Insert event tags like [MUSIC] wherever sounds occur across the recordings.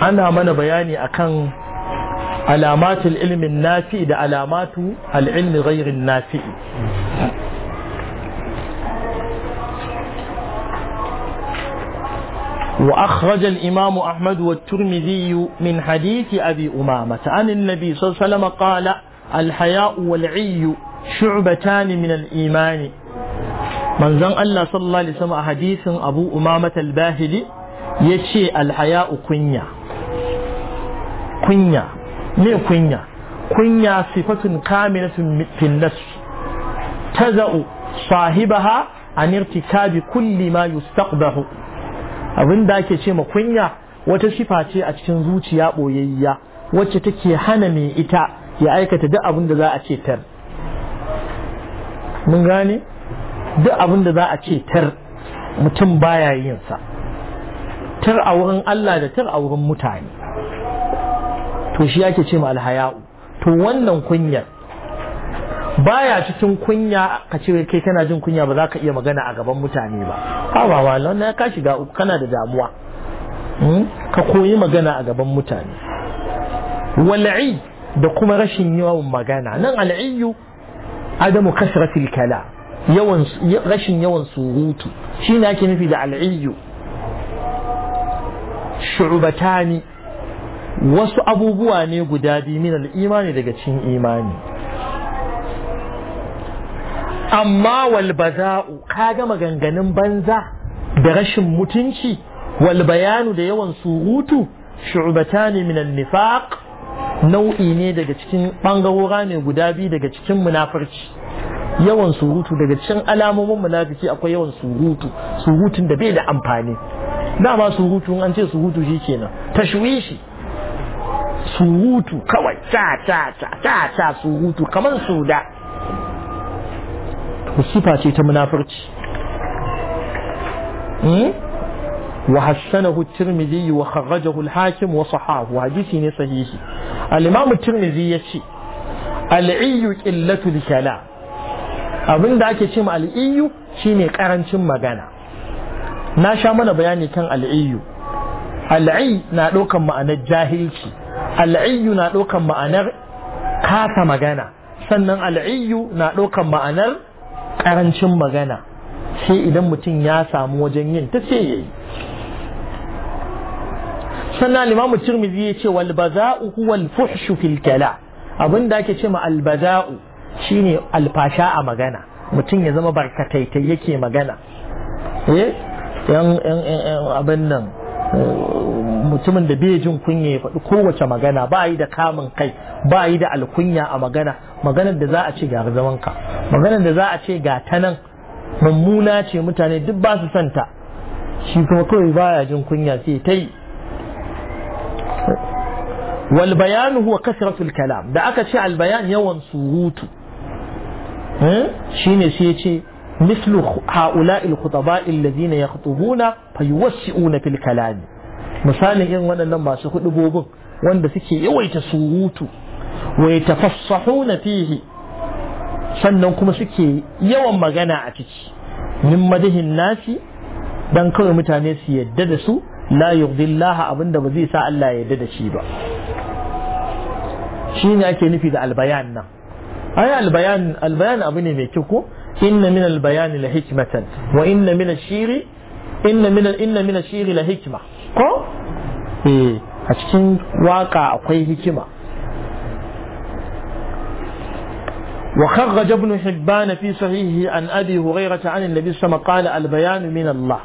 ana mana bayani akan alamatul ilimin nafi da alamatu al’ilmi rairin nafi wa akhraj al-imam ahmad wa at-tirmidhi min hadith abi umama ta an an-nabi sallallahu alaihi wasallam qala al-haya' wal-'iyy shu'batan min al manzan allah sallallahu alaihi wasallam a hadithin abu umama al-bahili yace al-haya' kunya kunya me kunya kunya sifatun kamilatun fil nafs taza'u sahibaha an irtikabi kulli ma yustaqbahu abin da ake ce ma kunya wata sifa ce a cikin zuciya boyayya wacce take hana mai ita ya aikata duk abin da za a ce tar mun gane duk abin da za a ce tar mutum baya yin sa tar a wurin Allah da tar a wurin mutane to shi yake ce ma alhaya'u to wannan kunyar baya cikin kunya ka ce kai kana jin kunya ba za ka iya magana a gaban mutane ba awa ba wannan ka shiga uku kana da damuwa hmm? ka koyi magana a gaban mutane wal'i da kuma rashin yawan magana nan al'iyu adamu kasratil kala yawan rashin yawan surutu shine ake nufi da al'iyu shu'batani wasu abubuwa ne guda biyu min imani daga cin imani amma walbaza'u ka gama ganganin banza da rashin mutunci walbayanu da yawan surutu shu'batani min nau'i ne daga cikin bangarora ne guda biyu daga cikin munafurci yawan surutu daga cikin alamomin munafiki akwai yawan surutu surutun da bai da amfani dama surutu an ce surutu shi kenan tashwishi su kawai ta ta ta ta ta su kamar su da sifa ce ta munafurci hmm? wa hassana tirmidhi wa kharrajahu al-hakim wa sahahu hadisi ne sahihi al-imam tirmidhi yace al-iyyu qillatu al abinda ake ce ma al-iyyu shine karancin magana na sha mana bayani kan al-iyyu al na daukan ma'anar jahilci al'iyyu na ɗaukan ma'anar kasa magana sannan al'iyyu na ɗaukan ma'anar ƙarancin magana sai idan mutum ya samu wajen yin ta sai yayi sannan limamu tirmidhi ya ce wal baza'u huwa al fuhshu fil kala abin da ake ce ma al baza'u shine alfasha a magana mutum ya zama barkataitai yake magana eh yan abin nan mutumin da bai jin kunya ya faɗi kowace magana ba yi da kamun kai ba yi da alkunya a magana maganar da za a ce ga zaman maganar da za a ce ga ta nan mummuna ce mutane duk ba su santa shi kuma kawai baya jin kunya sai ta yi wal bayanu huwa kasratul kalam da aka ce al bayan yawan surutu hmm? shine sai مثل هؤلاء الخطباء الذين يخطبون فيوسعون في الكلام مثال إن وانا لما سخطبوبن وانا سكي يويت سوروتو ويتفصحون فيه sannan kuma suke yawan magana a ciki min madihin nasi dan kawai mutane su yadda da su la yughdillah abinda ba zai sa Allah ya yadda da shi ba shine ake nufi da albayan nan ai albayan abu ne mai kyau ko inna min al-bayani la hikmatan wa inna min ash-shiri inna min inna min ash-shiri la hikma ko eh a cikin waka akwai hikima وخرج ابن حبان في صحيحه عن ابي هريره عن النبي صلى الله عليه وسلم قال البيان من الله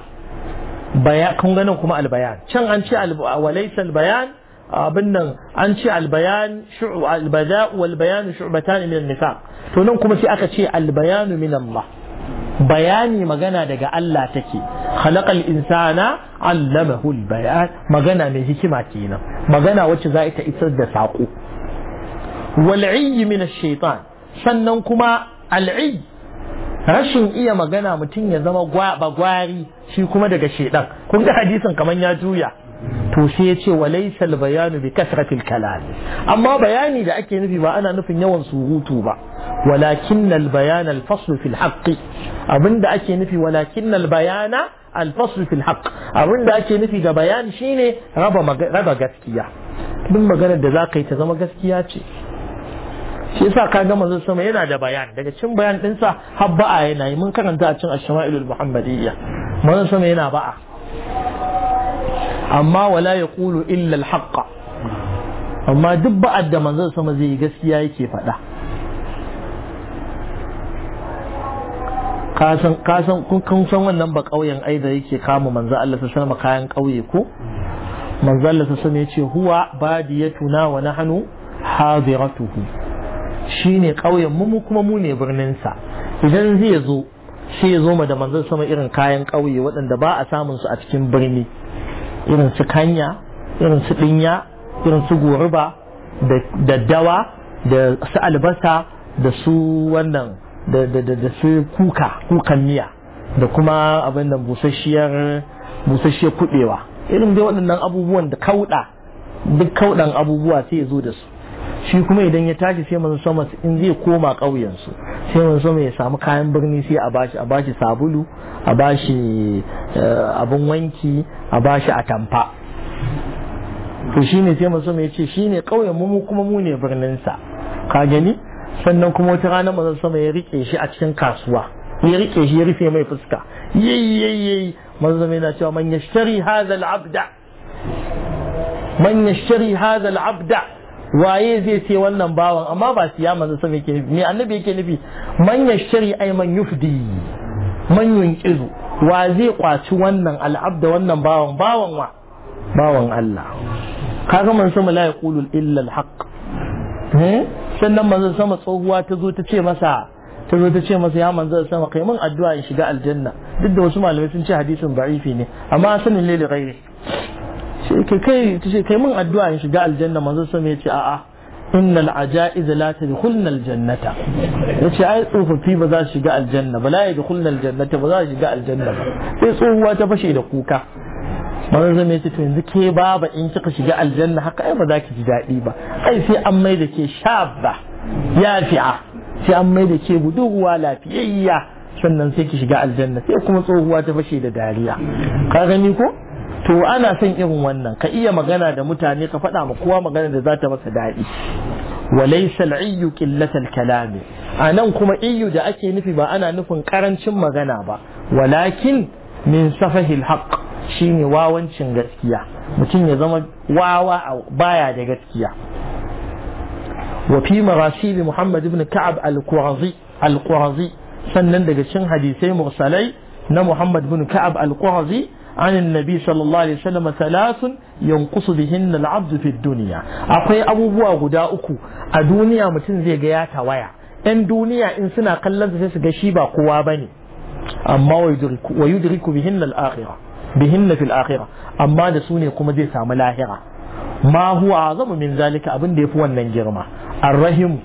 بيان كون غنن كما البيان كان ان شاء وليس البيان abin nan an ce albayan shu'u albada wal bayan shu'batan min nifaq to nan kuma sai aka ce albayan min Allah bayani magana daga Allah take khalaqal insana allamahu al-bayan magana mai hikima kenan magana wacce za ta isar da sako wal min ash-shaytan sannan kuma al'i rashin iya magana mutum ya zama bagwari, shi kuma daga shedan kun ga hadisin kaman ya juya to sai ya ce wa laysal bayanu bi kasratil kalam amma bayani da ake nufi ba ana nufin yawan surutu ba walakin al bayan al fasl fil haqq abinda ake nufi walakin al bayana al fasl fil haqq abinda ake nufi da bayani shine raba raba gaskiya duk maganar da zaka yi ta zama gaskiya ce shi yasa ka ga manzon sama yana da bayan daga cin bayan dinsa har ba'a yana yi mun karanta a cin ash-shama'ilul muhammadiyya manzon sama yana ba'a amma wala ya ƙulu illal alhaqqa amma duk ba'ad da manzon sama zai yi gaskiya yake faɗa kasan kun san wannan ba ƙauyen ai da yake kama manzo Allah sa sama kayan ƙauye ko manzo Allah sa sama yace huwa badiyatuna wa nahnu hadiratuhu shine ƙauyen mu kuma mu ne birnin sa idan zai zo sai ya zo ma da manzan sama irin kayan ƙauye waɗanda ba a samun su a cikin birni irin su kanya irin su dinya irin su goruba da dawa da su albasa da su wannan da su kuka kukan miya da kuma abin da busasshiyar busasshiyar kubewa irin dai waɗannan abubuwan da kauɗa duk kauɗan abubuwa sai ya zo da su shi kuma idan ya tashi sai masu sama in zai koma ƙauyensu sai wanzu mai samu kayan birni sai a bashi a bashi sabulu a bashi eh, abun wanki a bashi atamfa to shine sai manzo mai ce shine kauyen mu kuma mu ne birnin sa ka gani sannan kuma wata rana manzo sama ya rike shi a cikin kasuwa ya rike shi ya rufe mai fuska yayyayi manzo mai na cewa man yashtari hadha abda man yashtari hadha abda waye zai ce wannan bawan amma ba siya manzo sama yake nufi me annabi yake nufi man yashri ay man yufdi man yunqizu wa zai kwaci wannan al'abda wannan bawan bawan wa bawan Allah kaga man sama la yaqulu illa al-haq eh? sannan manzo sama tsohuwa ta zo ta ce masa ta zo ta ce masa ya manzo sama kai mun addu'a in shiga aljanna duk da wasu malamai sun ce hadisin da'ifi ne amma sanin lili ghairi kai mun addu'a in shiga aljanna manzo sama ya ce a'a innal ajaiz la tadkhulna aljannata yace ai tsofaffi ba za su shiga aljanna ba la yadkhulna aljannata ba za su shiga aljanna ba sai tsohuwa ta fashe da kuka manzo sama ya ce to yanzu ke baba in kika shiga aljanna haka ai ba za ki ji daɗi ba ai sai an mai da ke shabba fi'a. sai an mai da ke budurwa lafiyayya sannan sai ki shiga aljanna sai kuma tsohuwa ta fashe da dariya ka gani ko to ana son irin wannan ka iya magana da mutane ka faɗa ma kowa magana da za ta masa daɗi walaysa al-iyyu qillatal kalami anan kuma iyyu da ake nufi ba ana nufin karancin magana ba walakin min safahil haqq shine wawancin gaskiya mutum ya zama wawa a baya da gaskiya wa fi marasili muhammad ibn ka'ab al-qurazi al-qurazi sannan daga cikin hadisai mursalai na muhammad ibn ka'ab al-qurazi عن النبي صلى الله عليه وسلم ثلاث ينقص بهن العبد في الدنيا akwai abubuwa guda uku a duniya mutum zai ga ya tawaya ɗan duniya in suna kallon sai su ga shi ba kowa ne. amma wa yudriku bihin al-akhirah bihin fil akira amma da su ne kuma zai samu lahira ma huwa azamu min zalika abin da fi wannan girma arrahim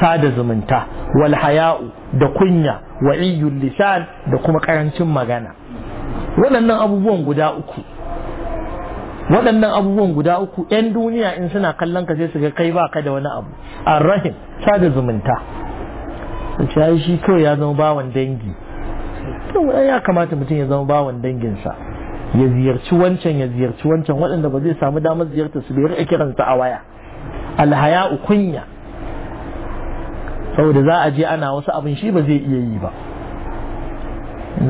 sada zumunta wal haya'u da kunya wa lisan da kuma karancin magana waɗannan abubuwan guda uku waɗannan abubuwan guda uku 'yan duniya in suna kallon ka sai su ga kai baka da wani abu arrahim sada zumunta ya shi kawai ya zama bawan dangi ya kamata mutum ya zama bawan danginsa ya ziyarci wancan ya ziyarci wancan waɗanda ba zai samu damar ziyartar su a kiransa a waya alhaya kunya saboda za a je ana wasu abin shi ba zai iya yi ba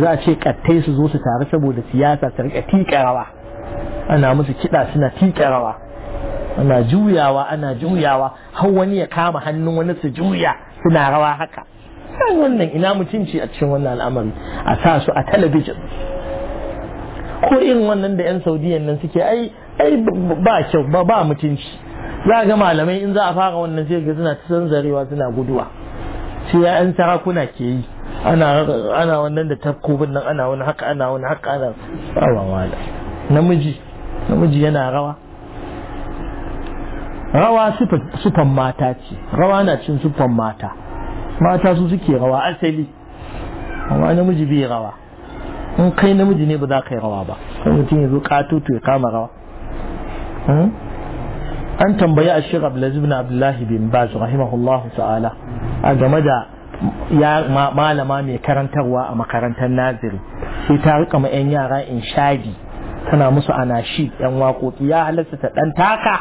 za a ce kattai su zo su tare saboda siyasa ta rika tiƙa rawa ana musu kiɗa suna tiƙa rawa ana juyawa ana juyawa har wani ya kama hannun wani su juya suna rawa haka kan wannan ina mutunci a cikin wannan al'amari a sa su a talabijin ko irin wannan da 'yan saudiyan nan suke ai ai ba kyau ba ba mutunci za ga malamai in za a fara wannan sai ga suna ta zarewa suna guduwa sai 'yan sarakuna ke yi ana ana wannan da takobin nan ana wani haka ana wani haka ana rawa wala namiji namiji yana rawa rawa sufan mata ce rawa na cin sufan mata mata su suke rawa asali amma namiji bai rawa in kai namiji ne ba za ka yi rawa ba kai mutum ya zo katoto ya kama rawa hmm? an tambayi a shirar lazibin abdullahi bin baz rahimahullahu ta'ala a game da ya malama mai karantarwa a makarantar naziri sai ta rika ma 'yan yara in shadi tana musu ana shi 'yan waƙoƙi ya halatta ta ɗan taka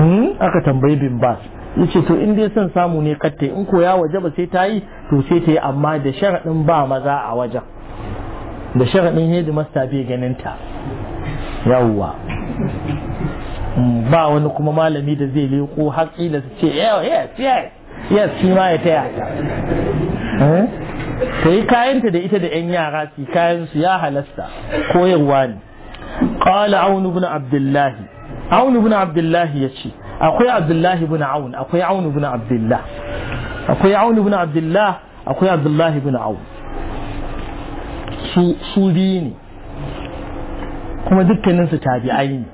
hmm? aka tambayi bin bas yace to in dai son samu ne katte in koya waje ba sai ta yi to sai ta yi amma da sharaɗin ba maza a wajen da sharaɗin hedimasta bai ganin ta yawwa hmm, ba wani kuma malami da zai leko har kila su ce yes yes yes shi ma ya taya ta eh? ta yi kayanta da ita da 'yan yara su kayan su ya halasta koyarwa ne qala aunu ibn abdullahi aunu ibn abdullahi ce akwai abdullahi ibn aun akwai aunu ibn abdullah akwai aunu ibn abdullah akwai abdullahi ibn aun su su biyu ne kuma dukkanin su tabi'ai ne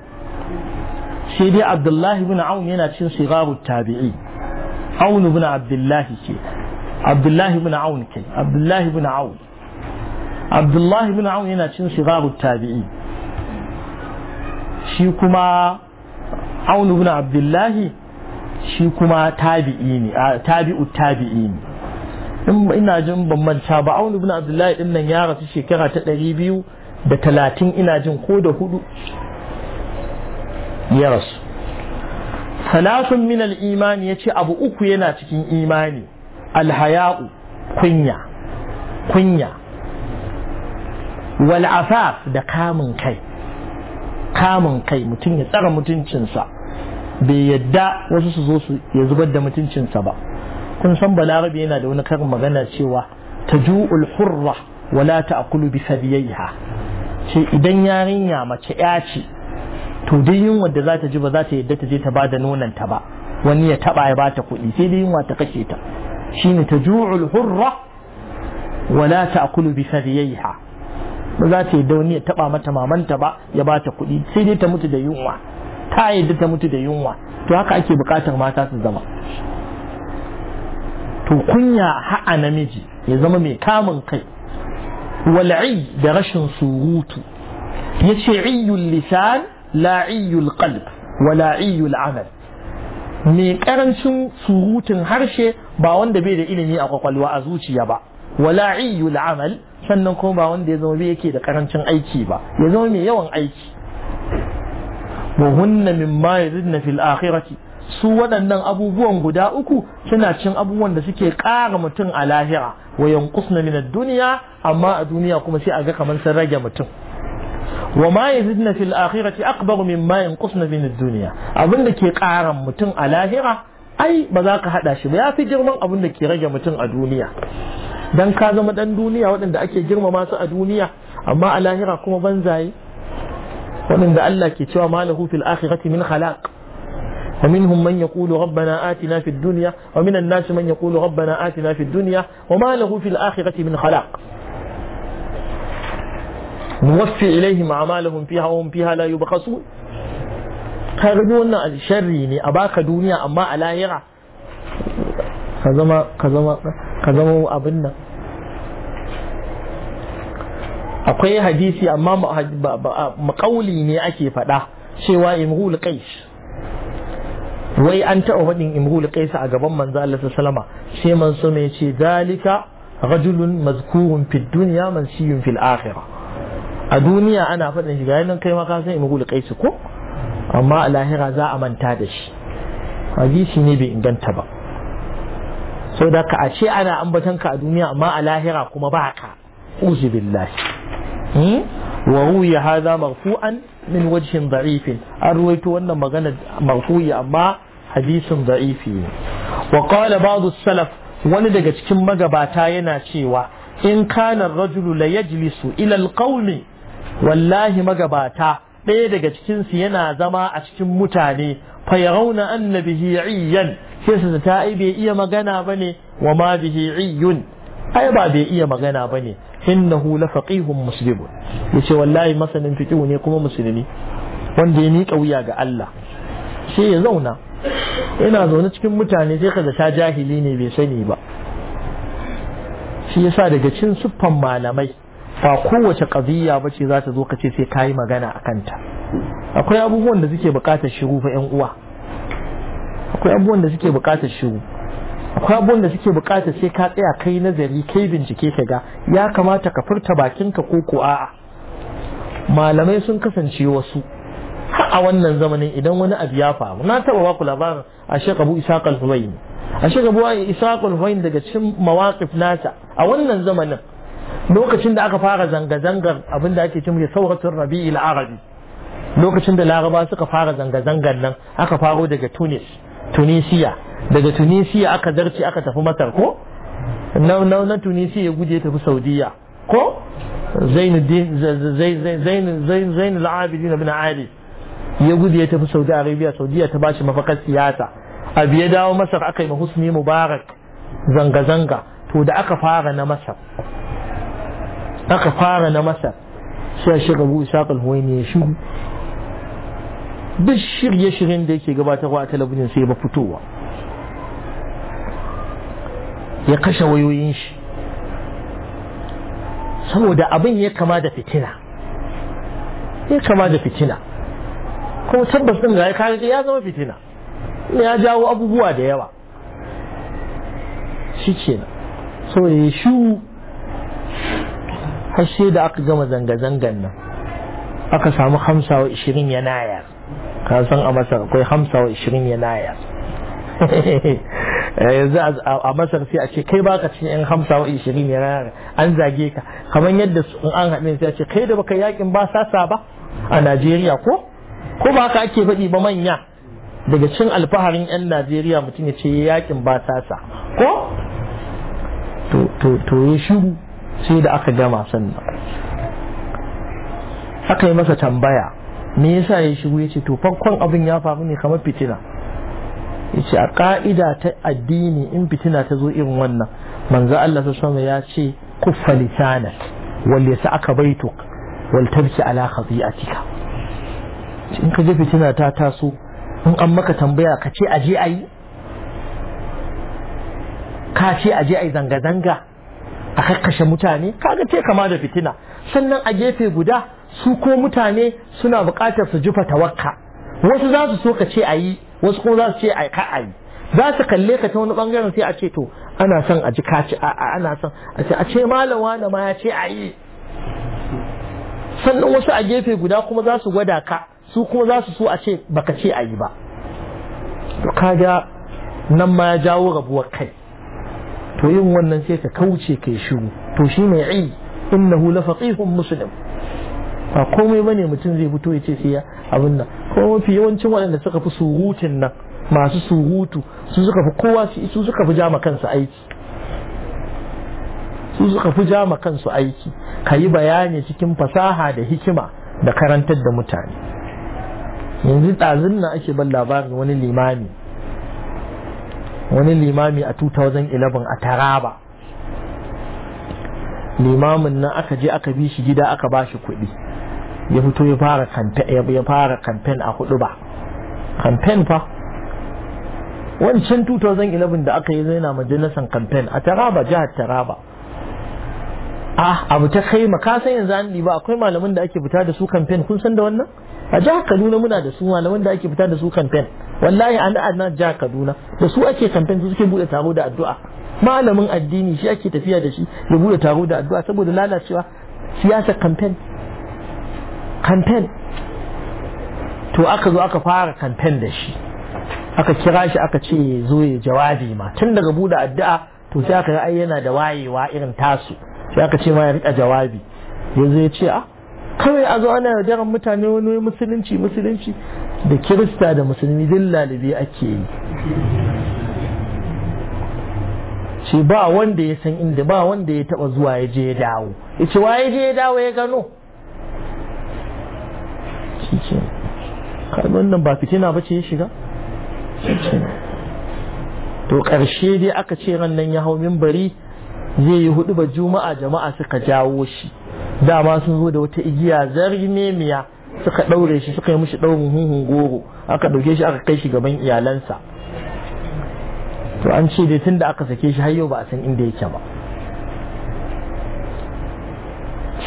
sai dai abdullahi ibn aun yana cin sigarut tabi'i aunu bin abdullahi ke abdullahi bin aun ke abdullahi bin aun abdullahi bin aun yana cin sigaru tabi'i shi kuma aunu bin abdullahi shi kuma tabi'i ne tabi'u tabi'i ne ina jin ban ba aunu bin abdullahi din nan ya rasu shekara ta ɗari biyu da talatin ina jin ko da hudu ya rasu salasun min imani ya ce abu uku yana cikin imani Alhaya'u. kunya kunya wal'afaf da kamun kai kamun kai mutum ya tsara mutuncinsa bai yadda wasu su zo su ya zubar da mutuncinsa ba kun san balarabe yana da wani karin magana cewa ta ju'ul hurra wala ta akulu bisa biyayya. ce idan yarinya mace ya ce to dai yunwa da za ta ji ba za ta yadda ta je ta ba da ta ba wani ya taba ya bata kuɗi sai dai yunwa ta kashe ta shine ta ju'ul hurra wa la ta'kulu bi fadhiha ba za ta yadda wani ya taba mata mamanta ba ya bata kuɗi sai dai ta mutu da yunwa ta yadda ta mutu da yunwa to haka ake bukatar mata su zama to kunya ha'a namiji ya zama mai kamun kai wal'i da rashin surutu yace iyul lisan la'iyul ƙalb wa la'iyul amal mai karancin surutun harshe ba wanda bai da ilimi a kwakwalwa a zuciya ba wa la'iyul amal sannan kuma ba wanda ya zama bai yake da karancin aiki ba ya zama mai yawan aiki wa hunna mimma yazidna fil akhirati su waɗannan abubuwan guda uku suna cin abubuwan da suke ƙara mutum a lahira wa yanqusna min ad-dunya amma a duniya kuma sai a ga kamar sun rage mutum وما يزدنا في الآخرة أكبر مما ينقصنا من الدنيا أظن كي قارا متن هرة أي بذاك هذا شيء يا في جرم أظن كي رجع متن الدنيا dan ka zama dan duniya waɗanda ake girmama su a duniya amma a lahira kuma banzaye waɗanda Allah ke cewa malahu fil akhirati min khalaq ومنهم من يقول ربنا آتنا في الدنيا ومن الناس من يقول ربنا آتنا في الدنيا وما له في الآخرة من خلاق نوفي إليهم أعمالهم فيها وهم فيها لا يبخسون kaga duk wannan sharri ne a baka duniya amma a lahira ka zama ka zama ka zama abin nan akwai hadisi amma makauli ne ake faɗa cewa imrul qais wai an taɓa faɗin imrul qais a gaban manzo Allah sallama sai manzo mai ce zalika rajulun mazkurun fid dunya mansiyun fil akhirah a duniya ana faɗin shi yanan kai ma ka san imrul qais ko amma a lahira za a manta da shi hadisi ne bai inganta ba sau da ka a ce ana ambatan ka a duniya amma a lahira kuma ba ka uzu billahi hmm? wa ruya hadha marfu'an min wajhin da'ifin an ruwaito wannan magana marfu'i amma hadisin da'ifi ne wa qala ba'd salaf wani daga cikin magabata yana cewa in kana rajulu la yajlisu ila al wallahi magabata ɗaya daga cikinsu yana zama a cikin mutane fa rauna anna bihi iyyan sai su ta ai bai iya magana bane wa ma bihi iyyun ai ba bai iya magana bane innahu la faqihun muslim yace wallahi masanin fiqh ne kuma musulmi wanda ya miƙa wuya ga Allah sai ya zauna Ina zaune cikin mutane sai kaza ta jahili ne bai sani ba shi yasa daga cin siffan malamai ba kowace ƙaziyya ba ce za ta zo ka ce sai ka yi magana a kanta akwai abubuwan da suke bukatar shiru fa ‘yan uwa akwai abubuwan da suke bukatar shiru akwai abubuwan da suke bukatar sai ka tsaya kai nazari kai bincike ka ga ya kamata ka furta ka ko ko a'a malamai sun kasance wasu a wannan zamanin idan wani abu ya faru na taɓa baku labarin a shekabu al huwaini a shekabu al huwaini daga cikin mawaƙif nasa a wannan zamanin lokacin da aka fara zanga-zangar abin da ake cimri sauratun rabi'il arabi lokacin da laraba suka fara zanga-zangar nan aka faro daga tunis tunisiya daga tunisiya aka zarce aka tafi masar ko na tunisiya ya guje tafi saudiya ko zainu al'abidin bin ali ya gudu ya tafi saudi arabia saudiya ta bashi mafakar siyasa abu ya dawo masar aka yi mahusni mubarak zanga-zanga to da aka fara na masar aka fara na masa sai shi rabu isaƙal huwaini ya shiru duk shirye-shiryen da yake gabatarwa a talabijin sai ba fitowa ya kashe wayoyin shi saboda abin ya kama da fitina ya kama da fitina kuma tabbas ɗin ga ya ya zama fitina ya jawo abubuwa da yawa shi ke saboda ya shiru har sai da aka gama zanga-zangan nan aka samu hamsa wa ishirin yanaya ka san a masar akwai hamsa wa ishirin yanaya [LAUGHS] eh, yanzu a masar sai a ce kai baka cikin yan hamsa wa ishirin yanaya an zage ka kamar yadda in an haɗe sai a ce kai da baka yakin ba sasa ba a najeriya ko ko ba haka ake faɗi ba manya daga cin alfaharin 'yan najeriya mutum ya ce yakin ba sasa ko to ya shiru sai da aka gama sannan aka yi masa tambaya me yasa ya shigo ya ce to farkon abin ya faru ne kamar fitina ya ce a ka'ida ta addini in fitina ta zo irin wannan manzo Allah sama ya ce kuffa lisana wal aka baito wal tabki ala khati'atika in ka ji fitina ta taso in an maka tambaya ka ce aje ayi ka ce aje ayi zanga-zanga a kakkashe mutane kaga te kama da fitina sannan a gefe guda su ko mutane suna buƙatar su jufa tawakka wasu za su so ka ce a yi wasu kuma za su ce a ka a yi za su kalle ka ta wani bangaren sai a ce to ana son a ji kaci ana son a ce a ce malam wani ma ya ce a yi sannan wasu a gefe guda kuma za su gwada ka su kuma za su so a ce baka ce a yi ba to kaga nan ma ya jawo rabuwar kai to yin wannan sai ka kauce kai shiru to shi ne i innahu la faqihun muslim ba komai bane mutum zai fito yace ce sai abin nan ko mafi yawancin waɗanda suka fi surutun nan masu surutu su suka fi kowa su suka fi jama kansu aiki su suka fi jama kansu aiki ka yi bayani cikin fasaha da hikima da karantar da mutane yanzu ɗazun nan ake ban labarin wani limami wani limami a 2011 a taraba limamin nan aka je aka bi shi gida aka ba shi kuɗi ya fito ya fara kamfen a hudu ba kamfen fa wancan 2011 da aka yi zai na majalisar kamfen a taraba jihar taraba ah abu ta kai ka san yanzu an liba akwai malaman da ake fita da su kamfen kun san da wannan a jihar kaduna muna da su malaman da ake fita da su kamfen wallahi an da na ja Kaduna da su ake kamfen su suke bude taro da addu'a malamin addini shi ake tafiya da shi ya bude taro da addu'a saboda lalacewa siyasa kamfen kamfen to aka zo aka fara kamfen da shi aka kira shi aka ce zo ya jawabi ma tun daga bude addu'a to sai aka ai yana da wayewa irin tasu sai aka ce ma ya rika jawabi yanzu ya ce a ah, kawai a zo ana yaudarar mutane wani musulunci musulunci da kirista da musulmi duk lalibi ake yi ce ba wanda ya san inda ba wanda ya taba zuwa ya je ya dawo ya ce waye je ya dawo ya gano kalmar nan ba fitina ba ce ya shiga to karshe dai aka ce ran nan ya hau bari. zai yi hudu ba juma'a jama'a suka jawo shi dama sun zo da wata igiya zargi miya suka ɗaure shi suka yi mishi ɗaurin hunhun goro aka ɗauke shi aka kai shi gaban iyalansa to an ce dai tun da aka sake shi har yau ba a san inda yake ba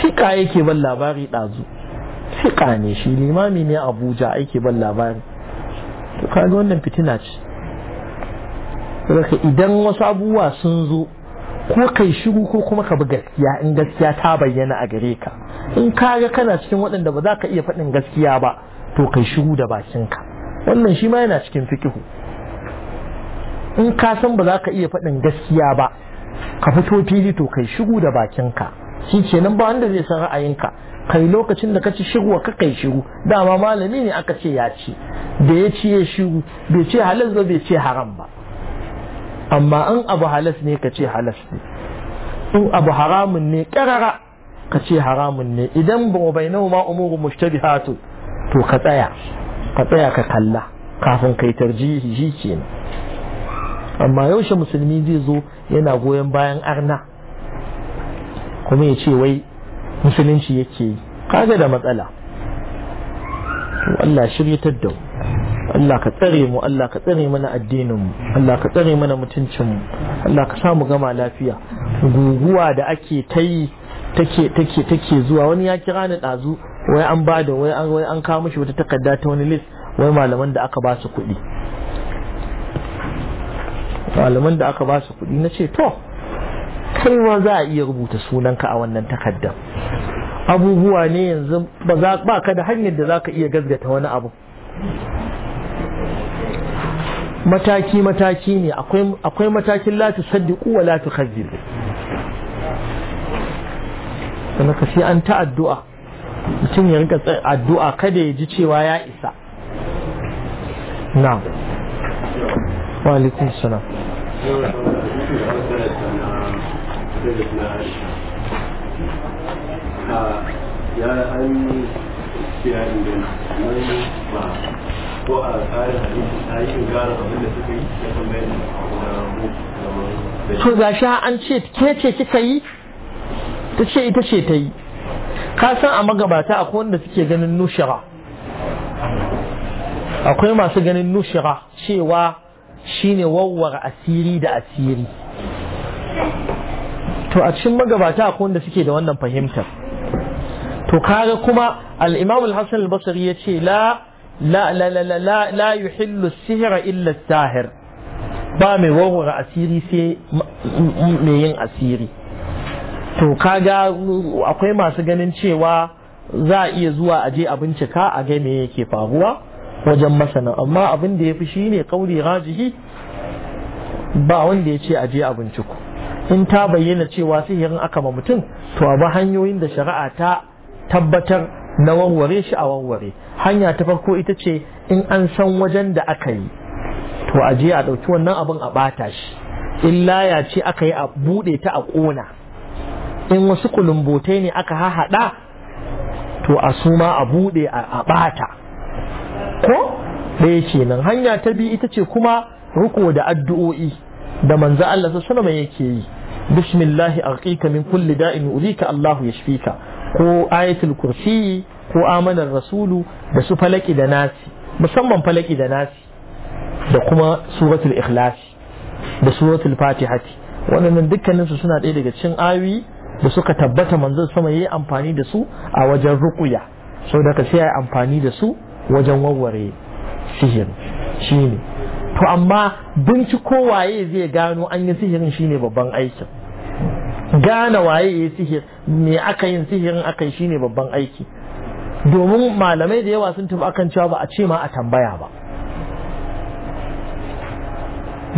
fiƙa yake ban labari ɗazu fiƙa ne shi limami ne abuja yake ban labari to kaga wannan fitina ce idan wasu abubuwa sun zo ko kai shiru ko kuma ka bi gaskiya in gaskiya ta bayyana a gare ka in ka ga kana cikin waɗanda ba za ka iya faɗin gaskiya ba to kai shiru da bakinka wannan shi ma yana cikin fikihu in ka san ba za ka iya faɗin gaskiya ba ka fito fili to kai shiru da bakinka shi kenan ba wanda zai san ra'ayin ka kai lokacin da ka ci shiru ka kai shiru dama malami ne aka ce ya ci da ya ci ya shiru bai ce halal ba bai ce haram ba amma in abu halas ne ka ce halas ne in abu haramun ne karara ka ce haramun ne idan ba mu bai ma umuru mushtabihatu to ka tsaya ka tsaya ka kalla kafin kai tarjihi shi kenan amma yaushe musulmi zai zo yana goyon bayan arna kuma ya ce wai musulunci yake kaga da matsala to Allah shiryatar da mu Allah ka tsare mu Allah ka tsare mana addinin mu Allah ka tsare mana mutuncin mu Allah ka samu gama lafiya guguwa da ake ta yi take take take zuwa wani ya kira ni dazu wai an bada wai an wai an kawo mishi wata takarda ta wani list wai malaman da aka ba su kuɗi malaman da aka ba su kuɗi na ce to kai ma za a iya rubuta sunanka a wannan takarda abubuwa ne yanzu ba ka da hanyar da za ka iya gazgata wani abu mataki mataki ne akwai akwai matakin la tusaddiqu wa la tukazzibu sannan ka sai an ta addu'a mutum ya rika addu'a kada ya ji cewa ya isa na'am wa alaikum salam ya an ko a tsarin hadisi ta yi gara abin da suka yi ya to an ce ke ce kika yi ta ce ita ce ta yi ka san a magabata akwai wanda suke ganin nushira akwai masu ganin nushira cewa shine wawwar asiri da asiri to a cikin magabata akwai wanda suke da wannan fahimtar to kaga kuma al-imam al-hasan al-basri yace la la la la la la la yuhillu sihra illa sahir ba mai warware asiri sai mai yin asiri to kaga akwai masu ganin cewa za a iya zuwa aje a bincika a ga me yake faruwa wajen masana amma abin da ya fi shi ne kauri rajihi ba wanda ya ce aje a binciko in ta bayyana cewa sihirin aka ma mutum to a hanyoyin da shari'a ta tabbatar na warware shi a warware hanya ta farko ita ce in an san wajen da aka yi to a je a ɗauki wannan abin a ɓata shi in laya ce aka yi a buɗe ta a ƙona in wasu kulumbotai ne aka hahaɗa to a suma a buɗe a ɓata ko ɗaya kenan hanya ta biyu ita ce kuma ruko da addu'o'i da manzo Allah sallallahu alaihi yake yi bismillahi arqika min kulli da'in urika Allahu yashfika ko ayatul kursi ko amanar rasulu da su falaki da nasi musamman falaki da nasi da kuma suratul ikhlasi da suratul fatihati waɗannan dukkaninsu suna ɗaya daga cikin ayoyi da suka tabbata manzon sama yayi amfani da su a wajen ruqya saboda ka sai amfani da su wajen warware sihiri shine to amma binciko waye zai gano an yi sihirin shine babban aikin gane waye ya sihir me aka yin sihirin aka shine babban aiki domin malamai da yawa sun tafi akan cewa ba a ce ma a tambaya ba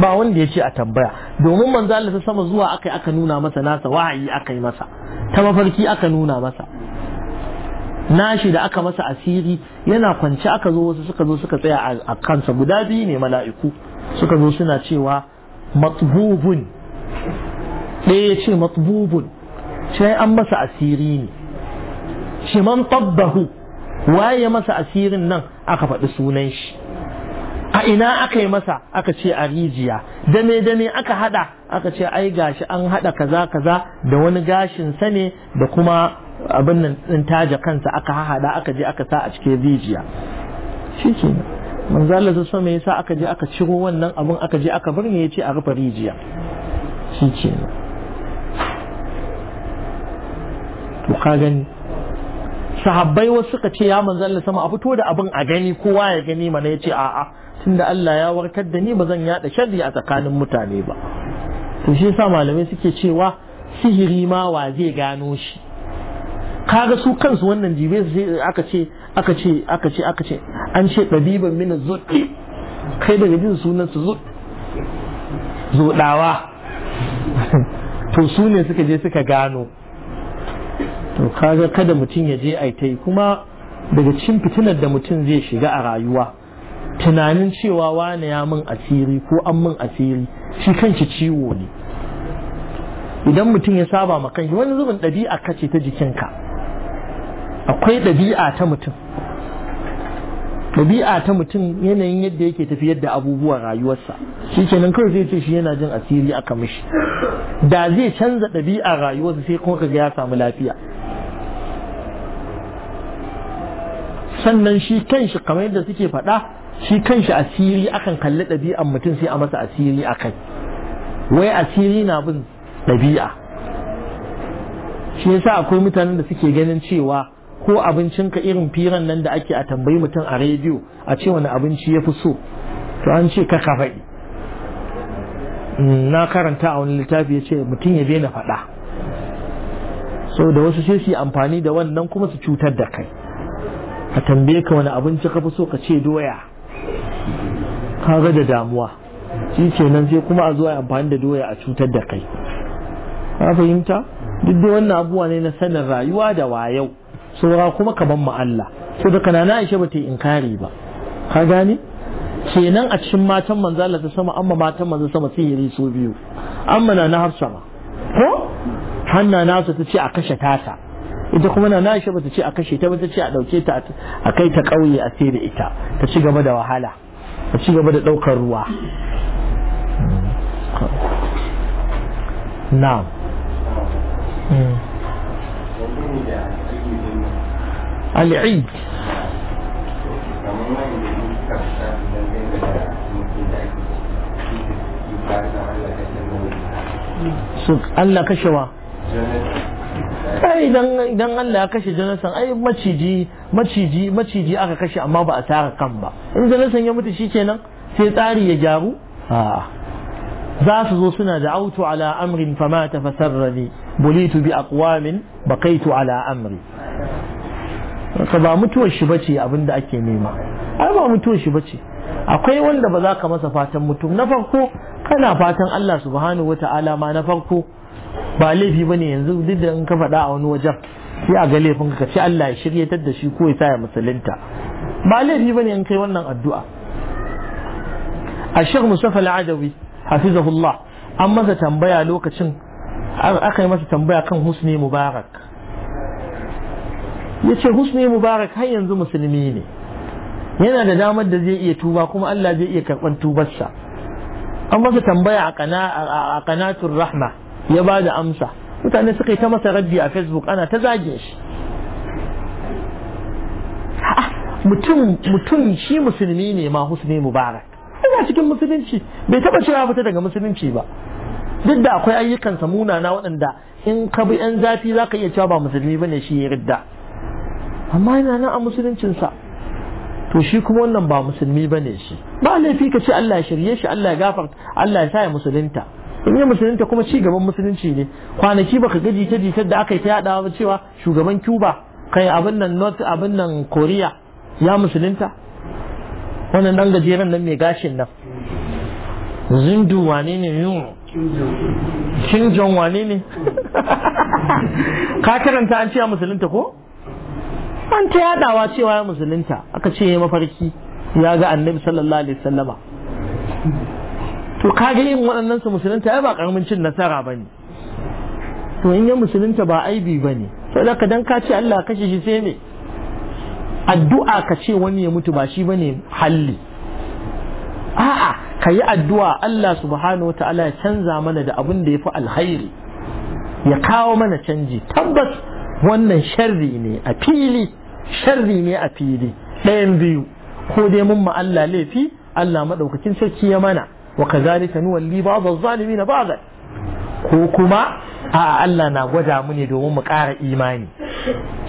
ba wanda ya ce a tambaya domin manzo Allah ta sama zuwa akai aka nuna masa nasa wahayi akai masa ta mafarki aka nuna masa nashi da aka masa asiri yana kwance aka zo wasu suka zo suka tsaya a kansa guda biyu ne mala'iku suka zo suna cewa matbuhun ɗaya ya ce matbubun sai an masa asiri ne shi man tabbahu waye masa asirin nan aka faɗi sunan shi a ina aka yi masa aka ce a rijiya dame dame aka hada aka ce ai gashi an hada kaza kaza da wani gashin sa ne da kuma abin nan din taja kansa aka hada aka je aka sa a cikin rijiya shikenan manzo Allah sai so me yasa aka je aka ciro wannan abun aka je aka ya yace a rufe rijiya shikenan to ka gani sahabbai wasu suka ce ya manzo Allah sama a fito da abin a gani kowa ya gani mana yace a'a tunda Allah ya warkar da ni ba zan yada sharri a tsakanin mutane ba to shi yasa malamai suke cewa sihiri ma wa zai gano shi kaga su kansu wannan jibe sai aka ce aka ce aka ce aka ce an ce dabiban min zuddi kai daga jin sunan su zut zudawa [LAUGHS] to su ne suka je suka gano to kaga kada mutum ya je ai ta kuma daga cikin fitinar da mutum zai shiga a rayuwa tunanin cewa wani ya min asiri ko an min asiri shi kanshi ciwo ne idan mutum ya saba ma kanshi wani zubin ɗabi'a kace ta jikinka akwai ɗabi'a ta mutum ɗabi'a ta mutum yanayin yadda yake tafiyar da abubuwan rayuwarsa shi kenan kawai zai ce shi yana jin asiri aka mishi da zai canza ɗabi'a rayuwarsa sai kuma ga ya samu lafiya sannan shi kanshi kamar yadda suke faɗa shi kanshi asiri akan kalli ɗabi'an mutum sai a masa asiri a kai wai asiri na bin ɗabi'a shi yasa akwai mutanen da suke ganin cewa ko abincinka irin firan nan da ake a tambayi mutum a rediyo a ce wani abinci ya fi so to an ce ka faɗi na karanta a wani littafi ya ce mutum ya daina faɗa so da wasu sai su yi amfani da wannan kuma su cutar da kai a tambaye ka wani abinci ka fi so ka ce doya kaga da damuwa shi nan sai kuma a zuwa amfani da doya a cutar da kai ka fahimta duk da wannan abubuwa ne na sanin rayuwa da wayau saura kuma ka ban Allah so da kana Aisha bata inkari ba ka gane kenan a cikin matan manzo Allah ta sama amma matan manzo sama yi su biyu amma na na Hafsa ko hanna na ta ce a kashe tasa. ita kuma na Aisha bata ce a kashe ta bata ce a dauke ta a kai ta kauye a sai da ita ta ci gaba da wahala ta ci gaba da daukar ruwa na'am al'id Allah kashewa ai idan Allah ya kashe Jonathan ai maciji maciji maciji aka kashe amma ba a tara kan ba in janasan ya mutu shikenan sai tsari ya gyaru a ah. za su zo suna da autu ala amrin famata fasarrani bulitu bi aqwamin baqaitu ala amri ka ba mutuwar shi bace abinda ake nema ai ba mutuwar shi bace akwai wanda ba za ka masa fatan mutum na farko kana fatan Allah subhanahu wata'ala ma na farko ba laifi ba ne yanzu duk da in ka faɗa a wani wajen sai a ga laifin ka ce Allah ya shiryatar da shi ko ya sa ya musulunta ba laifi ba ne in kai wannan addu'a a shek mustafa al'adawi hafizahullah an masa tambaya lokacin aka yi masa tambaya kan husni mubarak ya ce husni mubarak har yanzu musulmi ne yana da damar da zai iya tuba kuma Allah zai iya karɓar tubarsa an masa tambaya a kanatun rahma ya ba da amsa mutane suka yi ta masa raddi a facebook ana ta zage shi ah, mutum mutum shi musulmi ne ma husni mubarak yana cikin musulunci bai taba cewa fita daga musulunci ba duk da akwai ayyukansa munana waɗanda in ka bi yan zafi za ka iya cewa ba musulmi ba ne shi ya ridda amma yana nan a musuluncinsa to shi kuma wannan ba musulmi ba ne shi ba laifi ka ce Allah ya shirye shi Allah ya gafarta Allah ya sa ya musulunta ne musulunta kuma ci gaban musulunci ne kwanaki baka ga jita jitar da aka yi ta yada ba cewa shugaban cuba kai abin nan north abin nan korea ya musulunta wannan dan gajeren nan mai gashin nan zindu wane ne yun Kin jong wane ne [LAUGHS] ka karanta an ce ya musulunta ko an ta yadawa cewa ya musulunta aka ce ya mafarki ya ga annabi sallallahu alaihi wasallama to kage yin waɗannan su musulunta ya ba karamin cin nasara ba ne to in ya musulunta ba aibi ba ne to da ka dan ka ce Allah kashe shi sai me addu'a ka ce wani ya mutu ba shi bane halli a'a ka yi addu'a Allah subhanahu wata'ala ya canza mana da abin da ya fi alhairi ya kawo mana canji tabbas wannan sharri ne a fili sharri ne a fili ɗayan biyu ko dai mun ma Allah laifi Allah madaukakin sarki ya mana وكذلك نولي بعض الظالمين بعضا ko kuma a'a Allah na gwada mu ne domin mu ƙara imani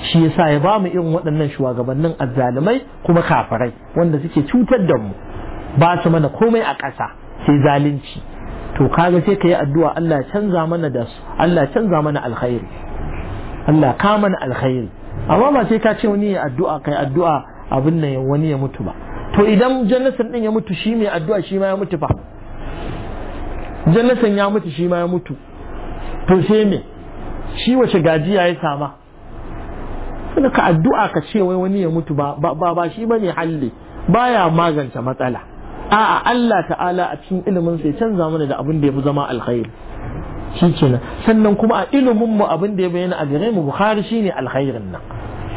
shi yasa ya ba mu irin waɗannan shugabannin azzalumai kuma kafirai wanda suke cutar da mu ba su mana komai a ƙasa sai zalunci to kaga sai ka yi addu'a Allah canza mana da su Allah canza mana alkhairi Allah ka mana alkhairi amma ba sai ka ce wani ya addu'a kai addu'a abin nan wani ya mutu ba to idan jannatin din ya mutu shi mai addu'a shi ma ya mutu fa jalasan ya mutu shi ma ya mutu to sai me shi wace gajiya ya sama sai ka addu'a ka ce wai wani ya mutu ba ba ba shi bane halli baya magance matsala a'a Allah ta'ala a cikin ilimin sai canza mana da abin da ya fi zama alkhairi shikenan sannan kuma a ilimin mu abin da ya bayyana a gare mu Bukhari shine alkhairin nan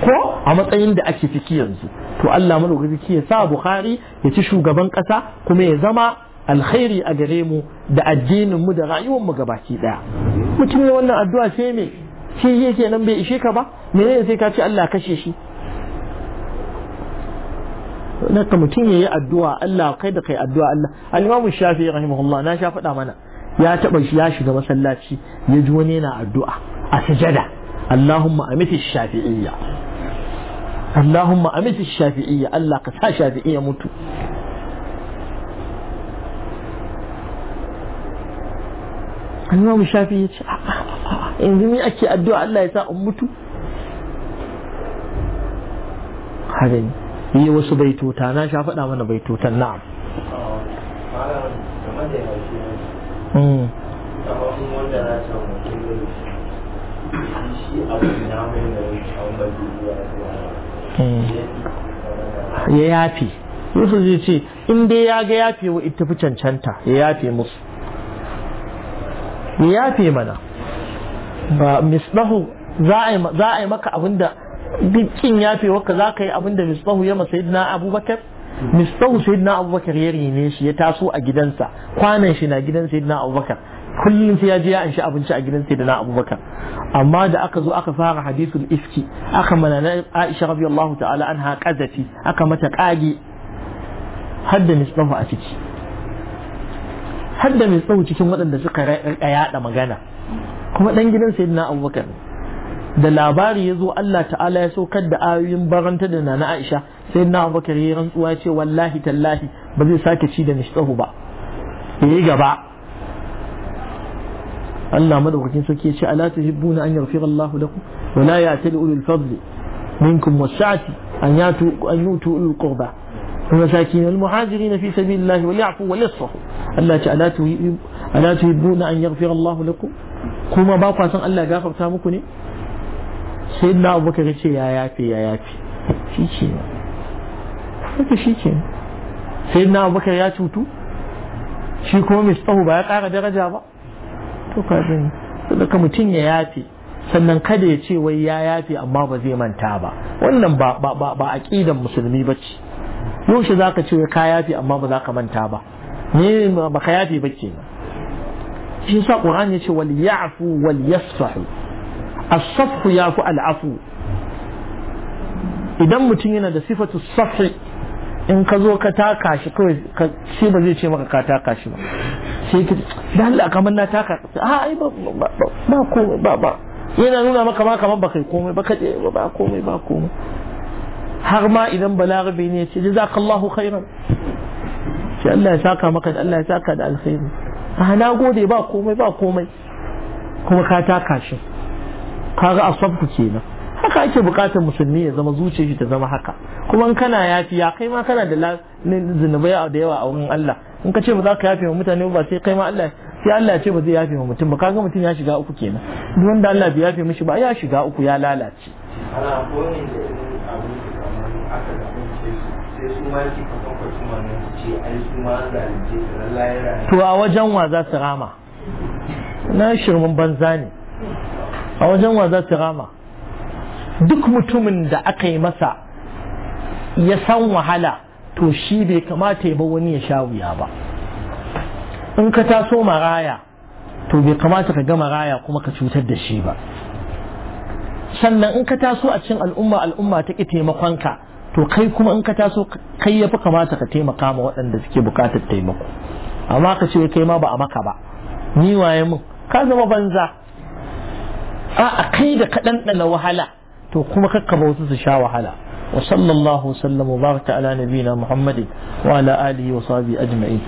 ko a matsayin da ake ciki yanzu to Allah madaukaki ya sa Bukhari ya ci shugaban kasa kuma ya zama alkhairi a gare mu da addinin mu da rayuwar mu gabaki daya mutum ne wannan addu'a sai me shi yake nan bai ishe ka ba menene sai ka ce Allah kashe shi naka mutum yayi addu'a Allah kai da kai addu'a Allah al-Imam Shafi'i rahimahullah na sha faɗa mana ya taba shi ya shiga masallaci ya ji wani yana addu'a a sajada. Allahumma amiti shafi'iyya Allahumma amiti shafi'iyya Allah ka sa shafi'iyya mutu Imam Shafi ya ce yanzu ni ake addu'a Allah ya sa in mutu haka ne yi wasu baitota na sha faɗa mana baitotan na'am hmm. Hmm. ya yafe yusuf zai ce in dai ya ga yafe wa ita fi cancanta ya yafe musu Ya yafe mana ba misbahu za a yi maka abinda dukkin yafe waka za ka yi abinda misbahu ya masa yadda abubakar misbahu sayyidina abubakar ya rene shi ya taso a gidansa kwanan shi na gidan sayyidina abubakar kullum sai ya je ya anshi abinci a gidan sayyidina abubakar amma da aka zo aka fara hadithul iski aka mana na aisha radiyallahu ta'ala anha qazafi aka mata kage har da misbahu a ciki har da mai tsawo cikin waɗanda suka yaɗa magana kuma ɗan gidan sayyidina abubakar da labari ya zo Allah ta'ala ya saukar da ayoyin baranta da nana Aisha sai na Abubakar ya rantsuwa ce wallahi tallahi ba zai sake ci da tsawo ba yi gaba Allah madaukakin sarki ya ce ala tuhibbuna an yaghfira Allahu lakum wa la ya'tali ulul fadli minkum wasa'ati an yatu an yutu ulul qurba ومساكين المهاجرين في سبيل الله وليعفوا وليصفحوا الله ألا تحبون أن يغفر الله لكم كما باقوا سن الله غفر تامكني سيدنا أبو بكر يا يافي يا يافي shi ce haka shi ce sai na abubakar ya cutu shi kuma mai tsaho ba ya ƙara daraja ba to da ka mutum ya yafe sannan kada ya ce wai ya yafe amma ba zai manta ba wannan ba aƙidan musulmi ba ce yaushe za ka ce ka yafi amma ba za ka manta ba ne ba ka yafi ba ke shi sa ƙuran ya ce wal ya'fu wal yasfahu as-safhu yafu al-afu idan mutum yana da sifatu safhi in ka zo ka taka shi kawai shi ba zai ce maka ka taka shi ba sai ki da Allah kamar na taka a ai ba ba ba komai ba ba yana nuna maka ma kamar ba kai komai ba kaje ba komai ba komai har ma idan balarabe ne ce jazakallahu khairan shi Allah ya saka maka da Allah ya saka da alkhairi a na gode ba komai ba komai kuma ka taka shi kaga asabku kenan haka ake bukatar musulmi ya zama zuciyar shi ta zama haka kuma in kana yafiya kai ma kana da zunubai da yawa a wurin Allah in ka ce ba za ka yafe wa mutane ba sai kai ma Allah sai Allah ce ba zai yafe wa mutum ba kaga mutum ya shiga uku kenan duk wanda Allah bai yafi mishi ba ya shiga uku ya lalace to a wajen wa za su rama na shirmin banza ne a wajen wa za su rama duk mutumin da aka yi masa ya san wahala to shi bai kamata ya ba wani ya sha wuya ba in ka taso maraya to bai kamata ka ga maraya kuma ka cutar da shi ba sannan in ka taso a cikin al'umma al'umma ta ƙi taimakonka to kai kuma in ka taso kai yafi kamata ka taimaka ma waɗanda suke buƙatar taimako amma ka ce kai ma ba a maka ba ni waye mun ka zama banza a kai da ka ɗanɗana wahala to kuma kakka ba wasu su sha wahala wa sallallahu sallam wa baraka ala nabiyina muhammadin wa ala alihi wa sahbihi ajma'in